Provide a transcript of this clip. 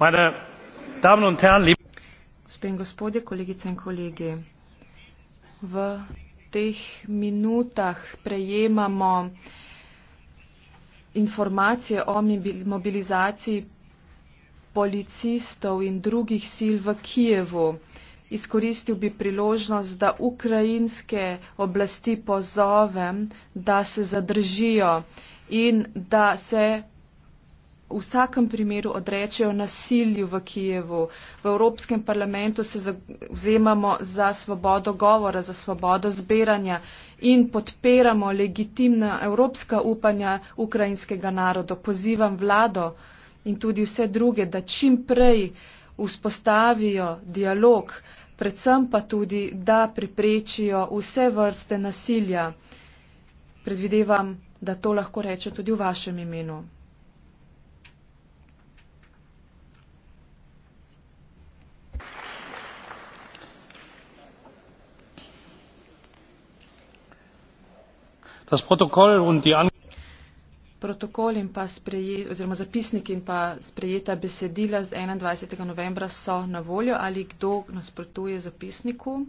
meine Damen und Herren, liebe Gospe in gospodje, kolegice in kolegi, v teh minutah prejemamo informacije o mobilizaciji policistov in drugih sil v Kijevu. Izkoristil bi priložnost, da ukrajinske oblasti pozovem, da se zadržijo in da se v vsakem primeru odrečejo nasilju v Kijevu. V Evropskem parlamentu se vzemamo za svobodo govora, za svobodo zbiranja in podpiramo legitimna evropska upanja ukrajinskega naroda. Pozivam vlado in tudi vse druge, da čim prej vzpostavijo dialog, predvsem pa tudi, da priprečijo vse vrste nasilja. Predvidevam, da to lahko reče tudi v vašem imenu. protokol und die Protokol in pa spreje, oziroma zapisnik in pa sprejeta besedila z 21. novembra so na voljo. Ali kdo nasprotuje zapisniku?